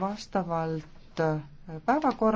vastavalt äh, päevakorrale.